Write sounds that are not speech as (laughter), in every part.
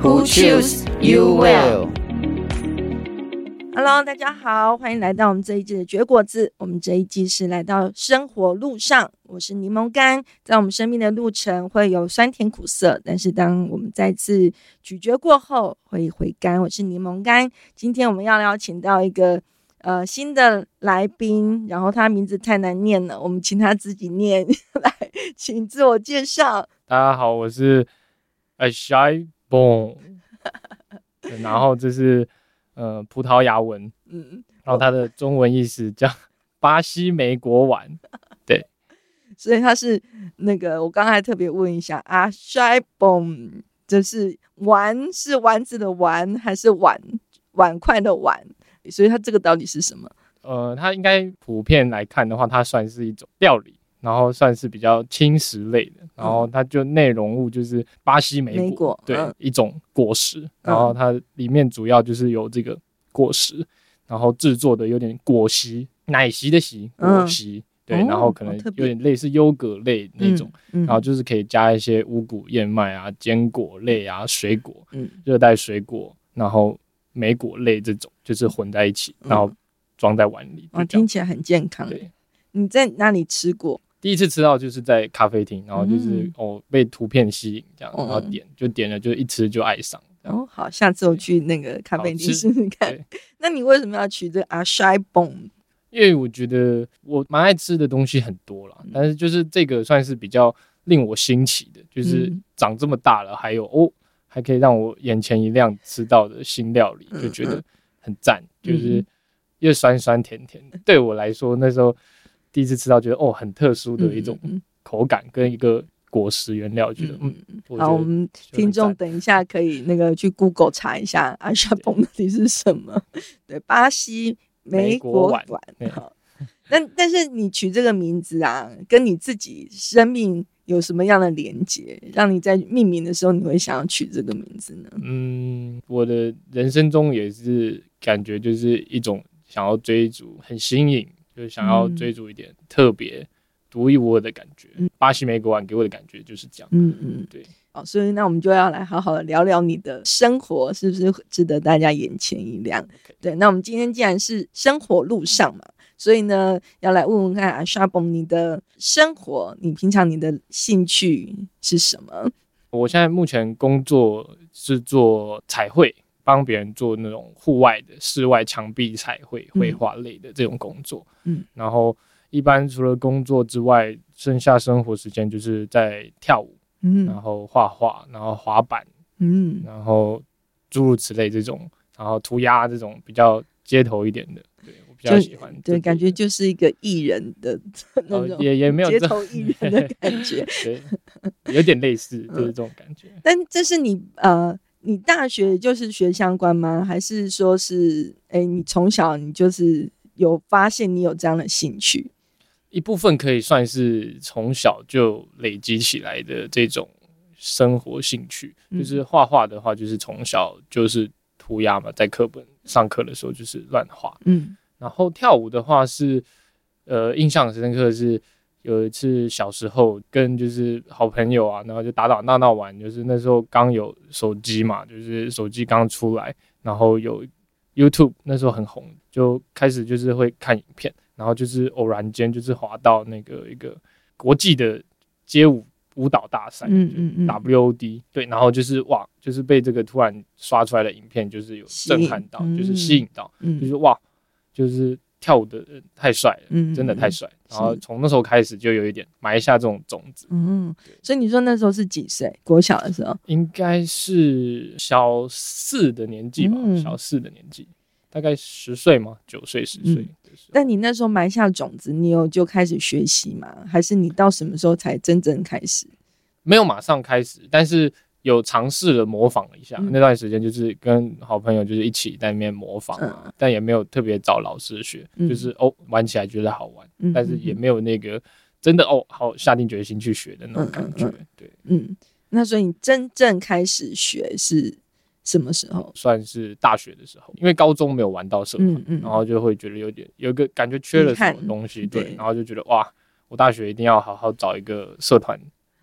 Who choose you well? Hello，大家好，歡迎來到我們這一季的絕果子。我們這一季是來到生活路上，我是檸檬乾。在我們生命的路程會有酸甜苦澀，但是當我們再次咀嚼過後，會回甘。我是檸檬乾。今天我們要邀請到一個呃新的來賓，然後他名字太難念了，我們請他自己念來，請自我介紹。大家好，我是 Ashy。嘣、bon，然後這是呃葡萄牙文，嗯，然後它的中文意思叫巴西莓果碗，對，所以它是那個，我剛才特別問一下啊，摔嘣，就是丸是丸子的丸還是碗碗筷的碗？所以它這個到底是什麼？呃，它應該普遍來看的話，它算是一種料理。然後算是比較輕食類的，然後它就內容物就是巴西莓果，對，一種果實，然後它裡面主要就是有這個果實，然後製作的有點果昔，奶昔的昔，果昔，對，然後可能有點類似優格類那種，然後就是可以加一些五穀燕麥啊、堅果類啊、水果、熱帶水果，然後莓果類這種，就是混在一起，然後裝在碗裡。聽起來很健康。對，你在哪裡吃過？第一次吃到就是在咖啡廳，然後就是、嗯、哦，被圖片吸引這樣，然後點、嗯、就點了，就一吃就愛上。哦，好，下次我去那個咖啡廳試試看。對那你為什麼要取這個 açaí bowl？因為我覺得我蠻愛吃的東西很多啦。嗯、但是就是這個算是比較令我新奇的，就是長這麼大了，還有哦，還可以讓我眼前一亮吃到的新料理，就覺得很讚，嗯嗯就是又酸酸甜甜，嗯、對我來說那時候。第一次吃到，覺得哦，很特殊的一種口感跟一個果實原料，嗯嗯覺得嗯、嗯，好，我們聽眾等一下可以那個去 Google 查一下阿薩蓬到底是什麼。對，對，巴西莓果碗。那對但、但是你取這個名字啊，跟你自己生命有什麼樣的連接，讓你在命名的時候你會想要取這個名字呢？嗯，我的人生中也是感覺就是一種想要追逐，很新穎。就想要追逐一點特別、獨、嗯、一無二的感覺。巴西玫瑰碗給我的感覺就是這樣。嗯嗯，對。哦，所以那我們就要來好好的聊聊你的生活，是不是值得大家眼前一亮？Okay. 對，那我們今天既然是生活路上嘛，嗯、所以呢，要來問問看阿沙博你的生活，你平常你的興趣是什麼？我現在目前工作是做彩繪。幫別人做那種戶外的、室外牆壁彩繪、繪畫類的這種工作，嗯，嗯，然後一般除了工作之外，剩下生活時間就是在跳舞，嗯，然後畫畫，然後滑板，嗯，然後諸如此類這種，然後塗鴉這種比較街頭一點的，對我比較喜歡，對，感覺就是一個藝人的那種，也也沒有街頭藝人的感覺，哦、 (laughs) 對，有點類似，就是這種感覺。嗯、但這是你呃。你大學就是學相關嗎？還是說是，誒，欸，你從小你就是有發現你有這樣的興趣？一部分可以算是從小就累積起來的這種生活興趣。嗯，就是畫畫的話，就是從小就是塗鴉嘛，在課本上課的時候就是亂畫。嗯，然後跳舞的話是，呃，印象深刻是。有一次小時候跟就是好朋友啊，然後就打打鬧鬧玩，就是那時候剛有手機嘛，就是手機剛出來，然後有 YouTube 那時候很紅，就開始就是會看影片，然後就是偶然間就是滑到那個一個國際的街舞舞蹈大賽，嗯，嗯，嗯，WOD 對，然後就是哇，就是被這個突然刷出來的影片就是有震撼到，吸引，就是吸引到，嗯，就是哇，就是。跳舞的人太帥了，嗯、真的太帥。嗯、然後從那時候開始就有一點埋下這種種子，是對嗯，所以你說那時候是幾歲？國小的時候應該是小四的年紀吧，嗯、小四的年紀，大概十歲嘛，九歲十歲、嗯。但你那時候埋下種子，你有就開始學習嗎？還是你到什麼時候才真正開始？沒有馬上開始，但是。有嘗試了模仿了一下，那段時間就是跟好朋友就是一起在那邊模仿，嗯、但也沒有特別找老師學，嗯、就是哦玩起來覺得好玩，嗯、但是也沒有那個真的哦好下定決心去學的那種感覺，嗯嗯嗯對，嗯。那所以你真正開始學是什麼時候？算是大學的時候，因為高中沒有玩到社團，嗯嗯然後就會覺得有點有個感覺缺了什麼東西，看對，然後就覺得哇，我大學一定要好好找一個社團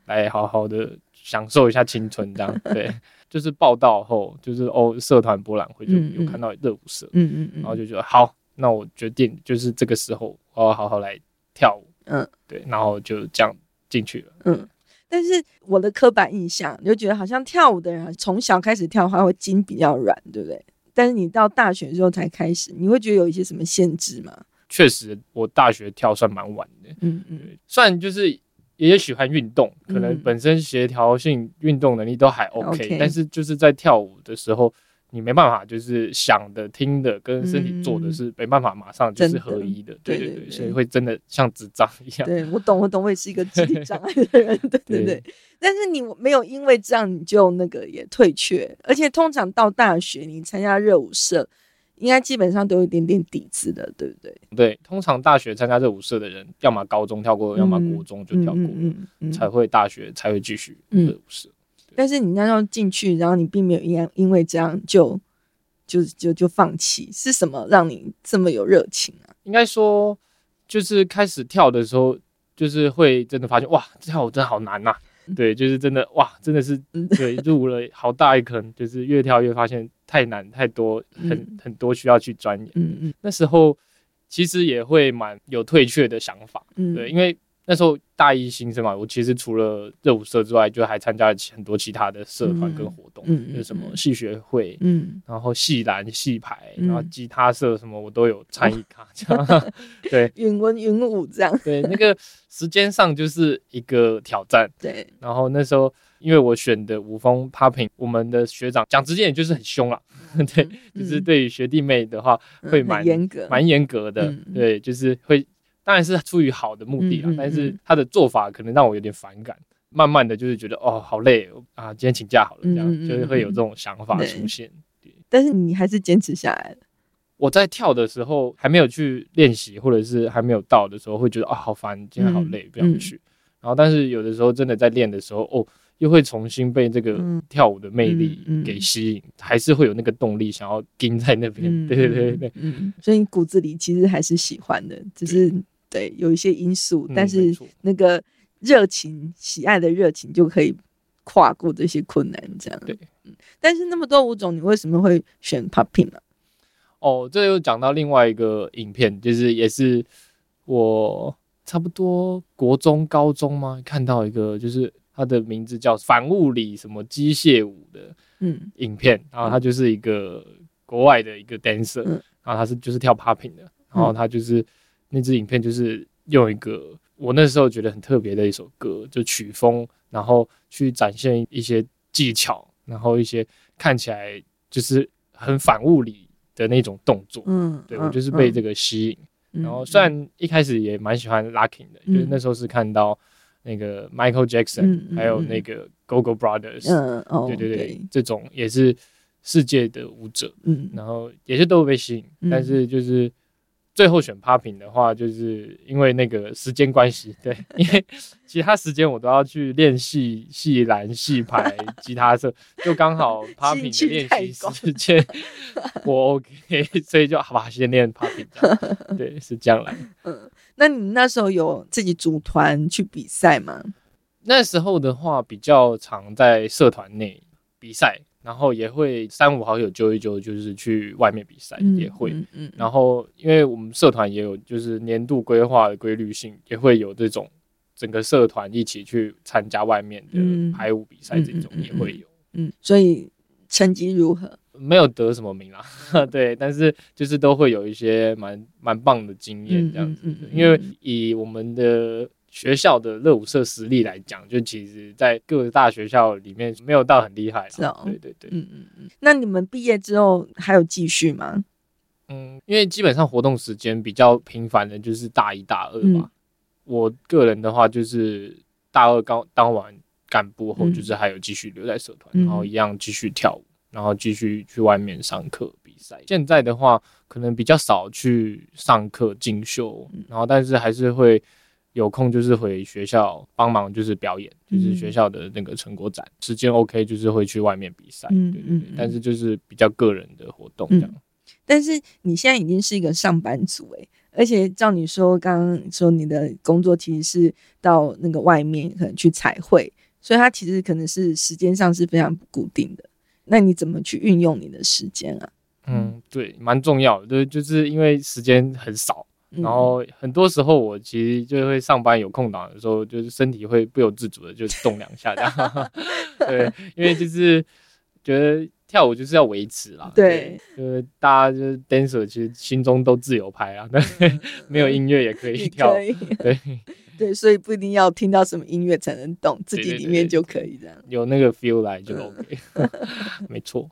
來好好的。享受一下青春，這樣對， (laughs) 就是報到後，就是哦，社團博覽會就有看到熱舞社，嗯嗯，嗯，嗯然後就覺得好，那我決定就是這個時候，我要好好來跳舞，嗯，對，然後就這樣進去了，嗯。但是我的刻板印象就覺得好像跳舞的人從小開始跳的話會筋比較軟，對不對？但是你到大學之後才開始，你會覺得有一些什麼限制嗎？確實，我大學跳算蠻晚的，嗯嗯，嗯，算就是。也，也喜歡運動，可能本身協調性、運動能力都還 OK，,、嗯、okay，但是就是在跳舞的時候，你沒辦法，就是想的、聽的跟身體做的是，嗯、沒辦法馬上就是合一的。的對對對，對對對，所以會真的像智障一樣。對我懂，我懂，我也是一個智障的人， (laughs) 對對對。對，但是你沒有因為這樣你就那個也退卻，而且通常到大學，你參加熱舞社。應該基本上都有一點點底子的，對不對？對，通常大學參加這舞社的人，要麼高中跳過，要麼國中就跳過，嗯，嗯，嗯，嗯，才會大學才會繼續嗯舞社。嗯、對但是你那時候進去，然後你並沒有因因為這樣就就就就放棄，是什麼讓你這麼有熱情啊？應該說，就是開始跳的時候，就是會真的發現，哇，跳舞真的好難吶，啊。 (noise) 對，就是真的哇，真的是，對，入了好大一坑， (laughs) 就是越跳越發現太難太多，很很多需要去鑽研。嗯、那時候其實也會蠻有退卻的想法，對，因為。那時候大一新生嘛，我其實除了熱舞社之外，就還參加了很多其他的社團跟活動，有什麼系學會，然後系籃、系排，然後吉他社什麼我都有參與卡對。雲文雲舞這樣。對，那個時間上就是一個挑戰。對。然後那時候因為我選的舞風 popping，我們的學長講直接也就是很凶啊，對，就是對於學弟妹的話會蠻嚴格、蠻嚴格的，對，就是會。當然是出於好的目的啊，嗯嗯嗯，但是他的做法可能讓我有點反感。嗯嗯慢慢的就是覺得哦，好累啊，今天請假好了，這樣嗯嗯嗯嗯就是會有這種想法出現。對對但是你還是堅持下來了。我在跳的時候還沒有去練習，或者是還沒有到的時候，會覺得啊、哦，好煩，今天好累，嗯嗯不想去。然後，但是有的時候真的在練的時候，哦，又會重新被這個跳舞的魅力給吸引，嗯嗯嗯還是會有那個動力想要盯在那邊。嗯嗯嗯對對對對所以你骨子裡其實還是喜歡的，只、就是。對，有一些因素，嗯、但是那個熱情、嗯、喜愛的熱情就可以跨過這些困難，這樣。對，嗯。但是那麼多舞種，你為什麼會選 popping 呢、啊？哦，這又講到另外一個影片，就是也是我差不多國中、高中嘛，看到一個，就是它的名字叫“反物理”什麼機械舞的，影片。嗯、然後他就是一個國外的一個 dancer、嗯、然後他是就是跳 popping 的，然後他就是。那支影片就是用一個我那時候覺得很特別的一首歌，就曲風，然後去展現一些技巧，然後一些看起來就是很反物理的那種動作。嗯，對，嗯，我就是被這個吸引。嗯、然後雖然一開始也蠻喜歡 locking 的，嗯、就是那時候是看到那個 Michael Jackson，、嗯、還有那個 Gogo Brothers 嗯。嗯，對對對，嗯、這種也是世界的舞者。嗯、然後也是都被吸引，嗯、但是就是。最後選 Popping 的話，就是因為那個時間關係，對，因為其他時間我都要去練戲、戲藍、戲排、吉他社，就剛好 Popping 的練習時間我 OK，所以就好吧先練這樣，先練 Popping 對，是這樣來。嗯，那你那時候有自己組團去比賽嗎？那時候的話，比較常在社團內比賽。然後也會三五好友揪一揪，就是去外面比賽也會。然後因為我們社團也有，就是年度規劃的規律性，也會有這種整個社團一起去參加外面的排舞比賽，這種也會有。嗯，所以成績如何？沒有得什麼名啊，對。但是就是都會有一些蠻蠻棒的經驗這樣子，因為以我們的。學校的熱舞社實力來講，就其實在各個大學校裡面沒有到很厲害了。是啊，哦，對對對，嗯嗯嗯。那你們畢業之後還有繼續嗎？嗯，因為基本上活動時間比較頻繁的就是大一大二嘛。嗯，我個人的話就是大二剛當完幹部後，就是還有繼續留在社團，嗯，然後一樣繼續跳舞，然後繼續去外面上課比賽。嗯，現在的話可能比較少去上課進修，然後但是還是會有空就是回學校幫忙，就是表演，就是學校的那個成果展。嗯、時間 OK，就是會去外面比賽，嗯，對對對。嗯嗯、但是就是比較個人的活動這樣。嗯、但是你現在已經是一個上班族誒、欸，而且照你說，剛剛說你的工作其實是到那個外面可能去彩繪，所以它其實可能是時間上是非常不固定的。那你怎麼去運用你的時間啊？嗯，對，蠻重要的，對，就是因為時間很少。然後很多時候我其實就會上班有空檔的時候，就是身體會不由自主的就動兩下這樣。 (laughs) 對，因為就是覺得跳舞就是要維持啦。對，對，就是大家就是 dancer 其實心中都自由拍啊，嗯、 (laughs) 沒有音樂也可以跳。可以。對。對，所以不一定要聽到什麼音樂才能動，對對對對自己裡面就可以這樣。有那個 feel 來就 OK、嗯。 (laughs) 沒錯。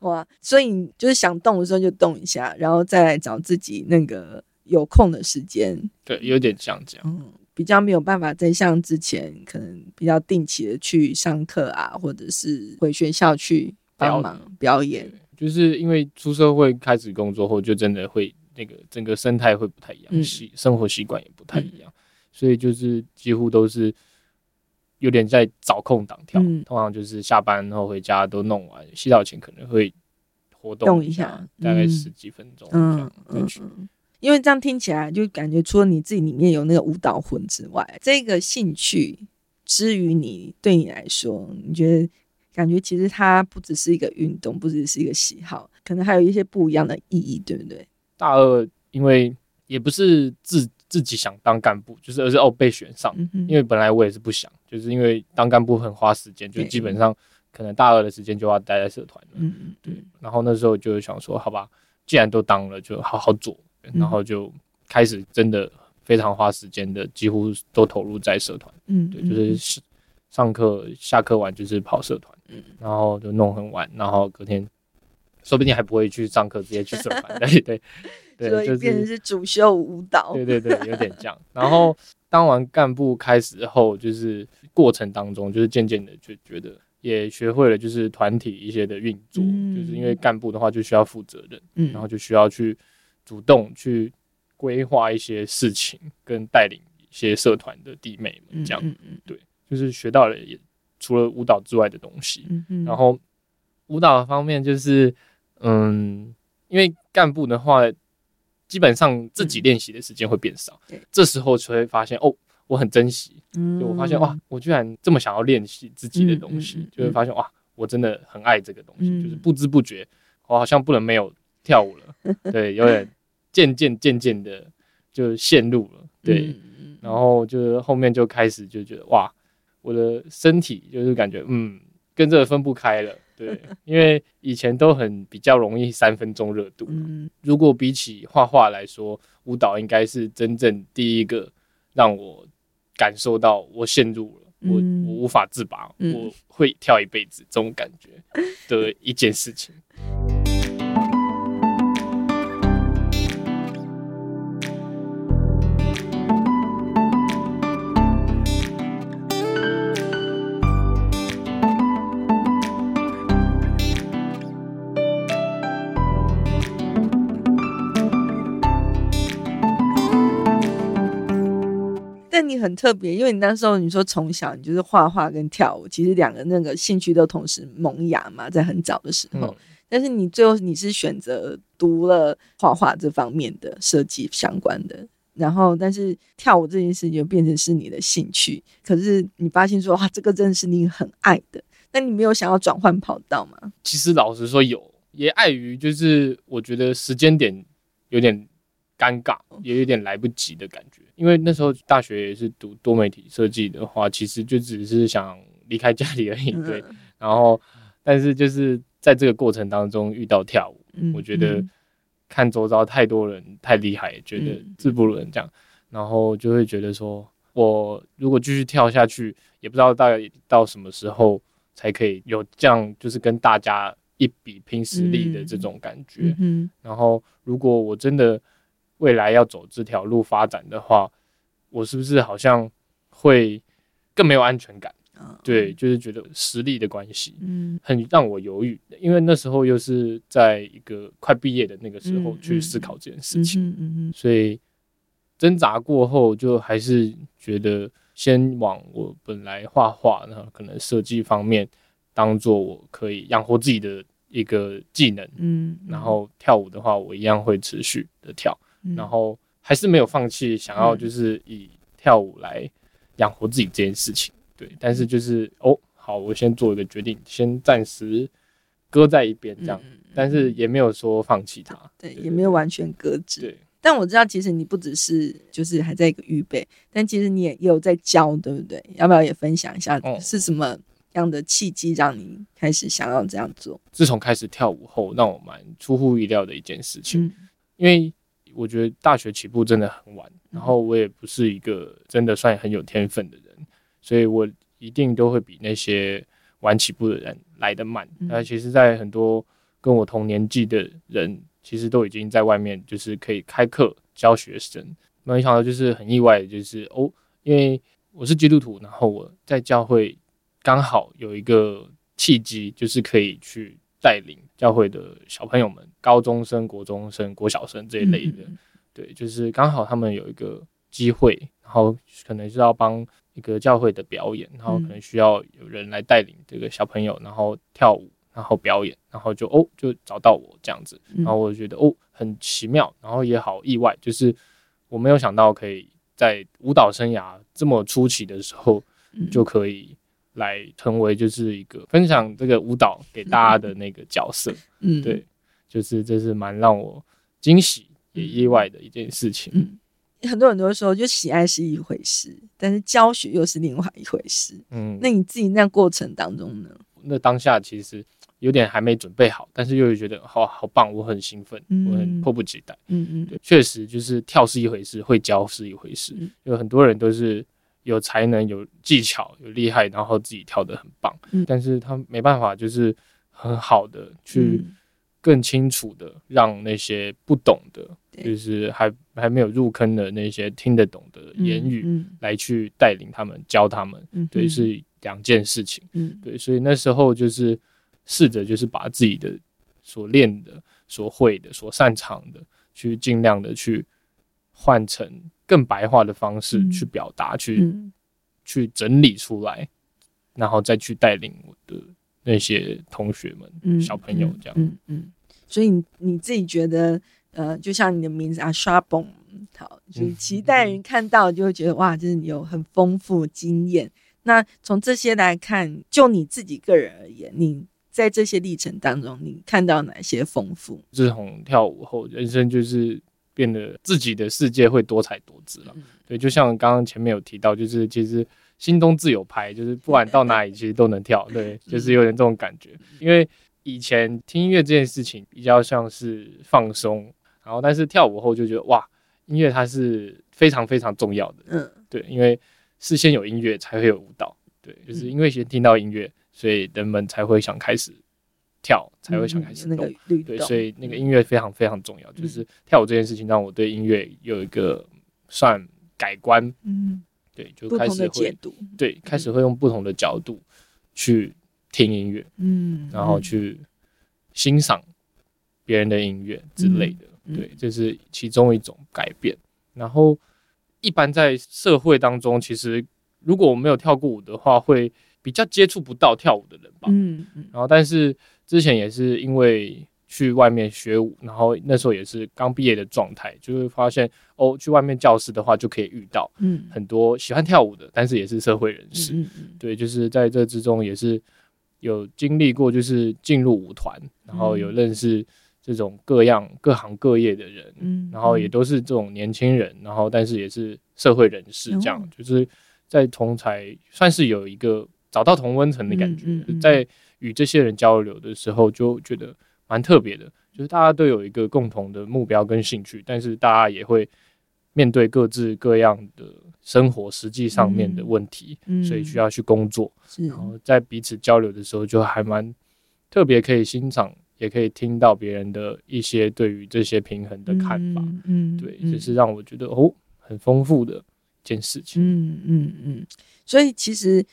哇，所以你就是想動的時候就動一下，然後再來找自己那個。有空的時間，對，有點像這樣，嗯、比較沒有辦法再像之前，可能比較定期的去上課啊，或者是回學校去幫忙表演表。就是因為出社會開始工作後，就真的會那個整個生態會不太一樣，習、嗯、生活習慣也不太一樣，嗯、所以就是幾乎都是有點在找空檔跳，嗯、通常就是下班後回家都弄完，洗澡前可能會活動一下，一下嗯、大概十幾分鐘這樣、嗯，嗯嗯。因為這樣聽起來就感覺，除了你自己裡面有那個舞蹈魂之外，這個興趣之於你，對你來說，你覺得感覺其實它不只是一個運動，不只是一個喜好，可能還有一些不一樣的意義，對不對？大二因為也不是自自己想當幹部，就是而是哦被選上，嗯、哼因為本來我也是不想，就是因為當幹部很花時間，就基本上可能大二的時間就要待在社團了，嗯嗯哼，對。然後那時候就想說，好吧，既然都當了，就好好做。然後就開始真的非常花時間的，嗯、幾乎都投入在社團。嗯，對，就是上課、嗯、下課完就是跑社團，嗯、然後就弄很晚，然後隔天說不定還不會去上課，直接去社團。 (laughs) 對對對，對，所以變成是主修舞蹈。對對對，有點這樣。然後當完幹部開始後，就是過程當中，就是漸漸的就覺得也學會了，就是團體一些的運作。嗯、就是因為幹部的話就需要負責任，嗯，然後就需要去。主動去規劃一些事情，跟帶領一些社團的弟妹們，這樣，嗯嗯嗯對，就是學到了也除了舞蹈之外的東西。嗯嗯，然後舞蹈方面，就是嗯，因為幹部的話，基本上自己練習的時間會變少，嗯嗯，這時候就會發現哦，我很珍惜，就我發現嗯嗯哇，我居然這麼想要練習自己的東西，嗯嗯嗯嗯就會發現哇，我真的很愛這個東西，嗯嗯就是不知不覺，我好像不能沒有跳舞了， (laughs) 對，有點。漸漸漸漸的就陷入了，對，然後就是後面就開始就覺得哇，我的身體就是感覺嗯，跟這個分不開了，對，因為以前都很比較容易三分鐘熱度，如果比起畫畫來說，舞蹈應該是真正第一個讓我感受到我陷入了，我我無法自拔，我會跳一輩子這種感覺的一件事情。但你很特別，因為你那時候你說從小你就是畫畫跟跳舞，其實兩個那個興趣都同時萌芽嘛，在很早的時候。嗯、但是你最後你是選擇讀了畫畫這方面的設計相關的，然後但是跳舞這件事情就變成是你的興趣。可是你發現說哇，這個真的是你很愛的，那你沒有想要轉換跑道嗎？其實老實說有，也礙於就是我覺得時間點有點。尷尬，也有點來不及的感覺，因為那時候大學也是讀多媒體設計的話，其實就只是想離開家裡而已。對。嗯、然後，但是就是在這個過程當中遇到跳舞，嗯嗯，我覺得看周遭太多人太厲害，覺得自不如人。這樣，嗯、然後就會覺得說，我如果繼續跳下去，也不知道大概到什麼時候才可以有這樣，就是跟大家一比拼實力的這種感覺。嗯。嗯嗯，然後，如果我真的。未來要走這條路發展的話，我是不是好像會更沒有安全感？Oh, okay. 對，就是覺得實力的關係，嗯，很讓我猶豫。嗯，因為那時候又是在一個快畢業的那個時候去思考這件事情，嗯，嗯，嗯，嗯，所以掙扎過後，就還是覺得先往我本來畫畫，然後可能設計方面當做我可以養活自己的一個技能，嗯，然後跳舞的話，我一樣會持續的跳。嗯、然後還是沒有放棄想要就是以跳舞來養活自己這件事情，嗯、對。但是就是哦，好，我先做一個決定，先暫時擱在一邊這樣。嗯、但是也沒有說放棄它，對，對對對對，也沒有完全擱置。對。但我知道，其實你不只是就是還在一個預備，但其實你也有在教，對不對？要不要也分享一下是什麼樣的契機讓你開始想要這樣做？嗯、自從開始跳舞後，讓我蠻出乎意料的一件事情，嗯、因為。我覺得大學起步真的很晚，然後我也不是一個真的算很有天分的人，所以我一定都會比那些晚起步的人來得慢。那、嗯、其實，在很多跟我同年紀的人，其實都已經在外面就是可以開課教學生。沒想到就是很意外，就是哦，因為我是基督徒，然後我在教會剛好有一個契機，就是可以去帶領。教會的小朋友們，高中生、國中生、國小生這一類的，嗯、對，就是剛好他們有一個機會，然後可能是要幫一個教會的表演，然後可能需要有人來帶領這個小朋友，然後跳舞，然後表演，然後就哦，就找到我這樣子，然後我就覺得哦，很奇妙，然後也好意外，就是我沒有想到可以在舞蹈生涯這麼初期的時候、嗯、就可以。來成為就是一個分享這個舞蹈給大家的那個角色，嗯，嗯對，就是這是蠻讓我驚喜也意外的一件事情。嗯，很多人都說就喜愛是一回事，但是教學又是另外一回事。嗯，那你自己那過程當中呢、嗯？那當下其實有點還沒準備好，但是又覺得哇，好棒，我很興奮，嗯、我很迫不及待。嗯嗯，嗯對，確實就是跳是一回事，會教是一回事。有、嗯、很多人都是。有才能、有技巧、有厲害，然後自己跳得很棒。嗯、但是他沒辦法，就是很好的去更清楚的讓那些不懂的，嗯、就是還還沒有入坑的那些聽得懂的言語來去帶領他們、嗯嗯、教他們。對，是兩件事情。嗯嗯、對，所以那時候就是試着就是把自己的所練的、所會的、所會的、所擅長的，去儘量的去換成。更白話的方式去表達，嗯、去、嗯、去整理出來，然後再去帶領我的那些同學們、嗯、小朋友這樣。嗯嗯，所以你你自己覺得，呃，就像你的名字啊，刷蹦，好，就期待人看到就會覺得、嗯、哇，就是你有很豐富經驗。那從這些來看，就你自己個人而言，你在這些歷程當中，你看到哪些豐富？自從跳舞後，人生就是。變得自己的世界會多彩多姿了，對，就像剛剛前面有提到，就是其實心中自有拍，就是不管到哪裡其實都能跳，對，就是有點這種感覺。因為以前聽音樂這件事情比較像是放鬆，然後但是跳舞後就覺得哇，音樂它是非常非常重要的，對，因為事先有音樂才會有舞蹈，對，就是因為先聽到音樂，所以人們才會想開始跳才會想開始動，對，所以那個音樂非常非常重要。就是跳舞這件事情讓我對音樂有一個算改觀，嗯，對，就開始會，對，開始會用不同的角度去聽音樂，嗯，然後去欣賞別人的音樂之類的，對，這是其中一種改變。然後一般在社會當中，其實如果我沒有跳過舞的話，會比較接觸不到跳舞的人吧，嗯，然後但是。之前也是因為去外面學舞，然後那時候也是剛畢業的狀態，就會發現哦，去外面教室的話就可以遇到很多喜歡跳舞的，嗯、但是也是社會人士。嗯嗯嗯對，就是在這之中也是有經歷過，就是進入舞團，然後有認識這種各樣各行各業的人，嗯嗯然後也都是這種年輕人，然後但是也是社會人士這樣，嗯嗯就是在同儕算是有一個。找到同溫層的感覺，嗯嗯嗯、在與這些人交流的時候，就覺得蠻特別的。就是大家都有一個共同的目標跟興趣，但是大家也會面對各自各樣的生活實際上面的問題，嗯嗯、所以需要去工作。嗯、然後在彼此交流的時候，就還蠻特別，可以欣賞，也可以聽到別人的一些對於這些平衡的看法。嗯，嗯嗯對，這、就是讓我覺得哦，很豐富的一件事情。嗯嗯嗯，所以其實。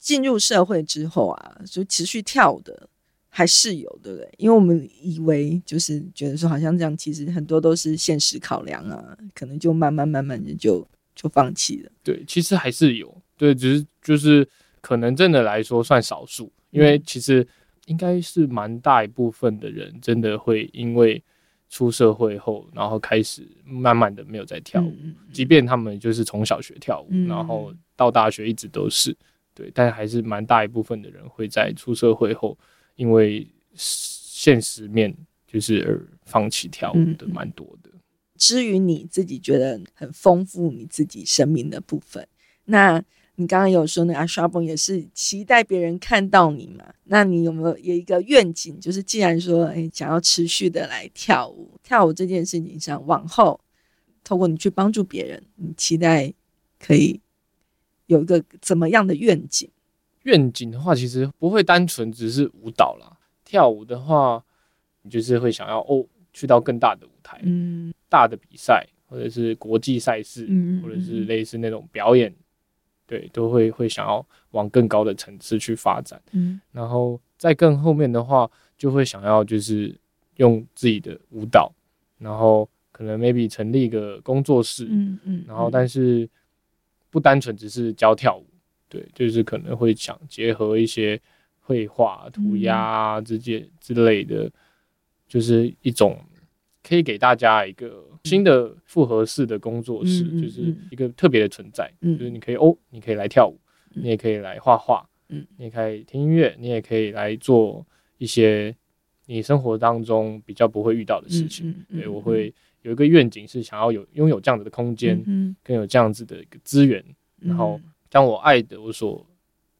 進入社會之後啊，就持續跳的還是有，對不對？因為我們以為就是覺得說好像這樣，其實很多都是現實考量啊，可能就慢慢慢慢的就就放棄了。對，其實還是有，對，只是就是可能真的來說算少數，因為其實應該是蠻大一部分的人真的會因為出社會後，然後開始慢慢的沒有在跳舞，嗯、即便他們就是從小學跳舞，然後到大學一直都是。對，但還是蠻大一部分的人會在出社會後，因為現實面就是而放棄跳舞的蠻多的。嗯嗯、至於你自己覺得很豐富你自己生命的部分，那你剛剛有說，那阿沙蹦也是期待別人看到你嘛？那你有沒有有一個願景，就是既然說，哎，想要持續的來跳舞，跳舞這件事情上往後，透過你去幫助別人，你期待可以。有一個怎麼樣的願景？願景的話，其實不會單純只是舞蹈了。跳舞的話，你就是會想要哦，去到更大的舞台，嗯、大的比賽，或者是國際賽事，嗯嗯，或者是類似那種表演，對，都會會想要往更高的層次去發展，嗯。然後在更後面的話，就會想要就是用自己的舞蹈，然後可能 maybe 成立一個工作室，嗯，嗯，嗯，然後但是。不單純只是教跳舞，對，就是可能會想結合一些繪畫、塗鴉這些之類的，嗯、就是一種可以給大家一個新的複合式的工作室，嗯嗯嗯、就是一個特別的存在。嗯、就是你可以哦，你可以來跳舞，嗯、你也可以來畫畫，嗯、你也可以聽音樂，你也可以來做一些你生活當中比較不會遇到的事情。嗯嗯嗯、對，我會。有一個願景是想要有擁有這樣子的空間，嗯哼，更有這樣子的一個資源，嗯、哼然後將我愛的我所、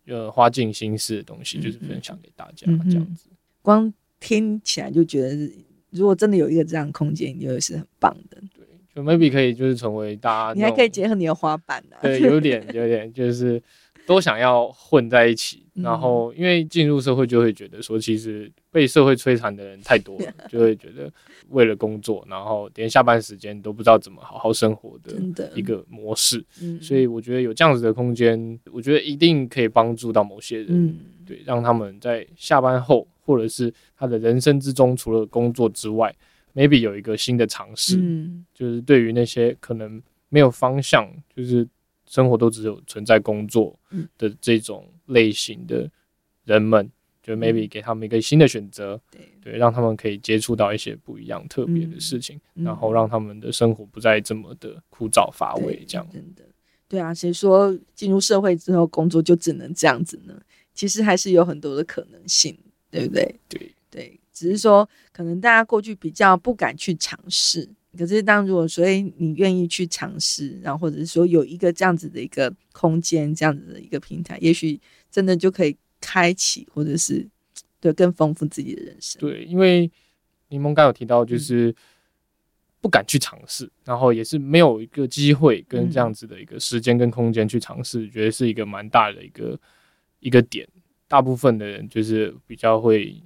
呃、花盡心思的東西，就是分享給大家這樣子。嗯、光聽起來就覺得，如果真的有一個這樣空間，就是很棒的。對，就 maybe 可以就是成為大家，你還可以結合你的滑板呢、啊。對，有點，有點就是。 (laughs) 都想要混在一起，嗯、然後因為進入社會就會覺得說，其實被社會摧殘的人太多了， (laughs) 就會覺得為了工作，然後連下班時間都不知道怎麼好好生活的一個模式。嗯、所以我覺得有這樣子的空間，我覺得一定可以幫助到某些人。嗯、對，讓他們在下班後，或者是他的人生之中，除了工作之外，maybe 有一個新的嘗試。嗯、就是對於那些可能沒有方向，就是。生活都只有存在工作的這種類型的人們、嗯、就 maybe 給他們一個新的選擇，嗯、對，讓他們可以接觸到一些不一樣、特別的事情，嗯、然後讓他們的生活不再這麼的枯燥乏味。這樣子、嗯、真的，對啊，誰說進入社會之後工作就只能這樣子呢？其實還是有很多的可能性，對不對？嗯、對對，只是說可能大家過去比較不敢去嘗試。可是，當如果說你願意去嘗試，然後或者是說有一個這樣子的一個空間、這樣子的一個平台，也許真的就可以開啟，或者是，對，更豐富自己的人生。對，因為檸檬剛有提到，就是不敢去嘗試，嗯、然後也是沒有一個機會跟這樣子的一個時間跟空間去嘗試，嗯、覺得是一個蠻大的一個一個點。大部分的人就是比較會。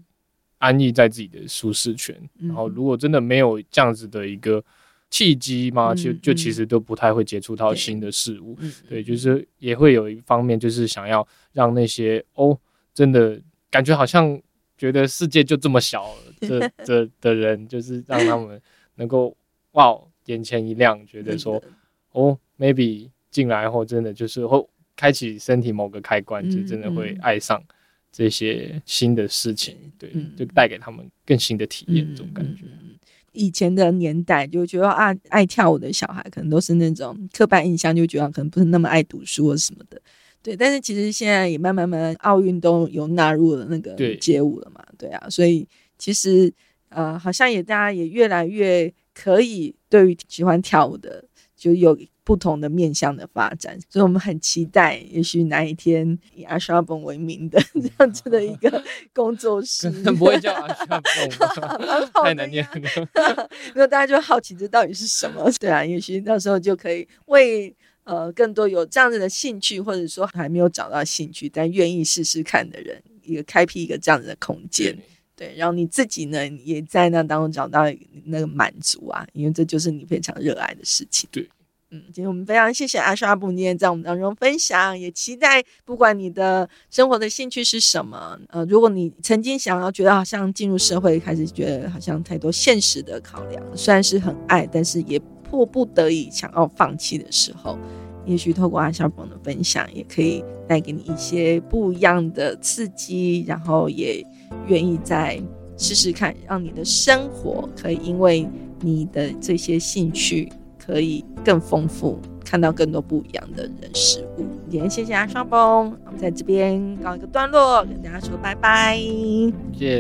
安逸在自己的舒適圈，然後如果真的沒有這樣子的一個契機嘛，嗯、就就其實都不太會接觸到新的事物。嗯、對，對，就是也會有一方面，就是想要讓那些哦，真的感覺好像覺得世界就這麼小的的的人， (laughs) 就是讓他們能夠哇眼前一亮，覺得說的哦，maybe 進來後真的就是會、哦、開啟身體某個開關，就真的會愛上。嗯嗯。這些新的事情，對，嗯、就帶給他們更新的體驗，這種感覺，嗯嗯嗯。以前的年代就覺得啊，愛跳舞的小孩可能都是那種刻板印象，就覺得可能不是那麼愛讀書或什麼的。對，但是其實現在也慢慢慢，慢，奧運都有納入了那個街舞了嘛？對，對啊，所以其實呃，好像也大家也越來越可以，對於喜歡跳舞的就有。不同的面向的發展，所以我們很期待，也許哪一天以阿沙本為名的、嗯啊、這樣子的一個工作室，真不會叫阿沙本嗎？太難念了。 (laughs) (laughs) 沒有，大家就好奇這到底是什麼？對啊，也許到時候就可以為呃更多有這樣子的興趣，或者說還沒有找到興趣但願意試試看的人，一個開闢一個這樣子的空間。對，對，然後你自己呢，也在那當中找到個那個滿足啊，因為這就是你非常熱愛的事情。對。嗯，今天我們非常謝謝阿莎布今天在我們當中分享，也期待不管你的生活的興趣是什麼，呃，如果你曾經想要覺得好像進入社會開始覺得好像太多現實的考量，雖然是很愛，但是也迫不得已想要放棄的時候，也許透過阿莎布的分享，也可以帶給你一些不一樣的刺激，然後也願意再試試看，讓你的生活可以因為你的這些興趣。可以更豐富，看到更多不一樣的人事物。也謝謝，謝謝阿雙峰，我們在這邊告一個段落，跟大家說拜拜。謝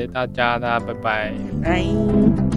謝大家，大家拜拜，拜，拜。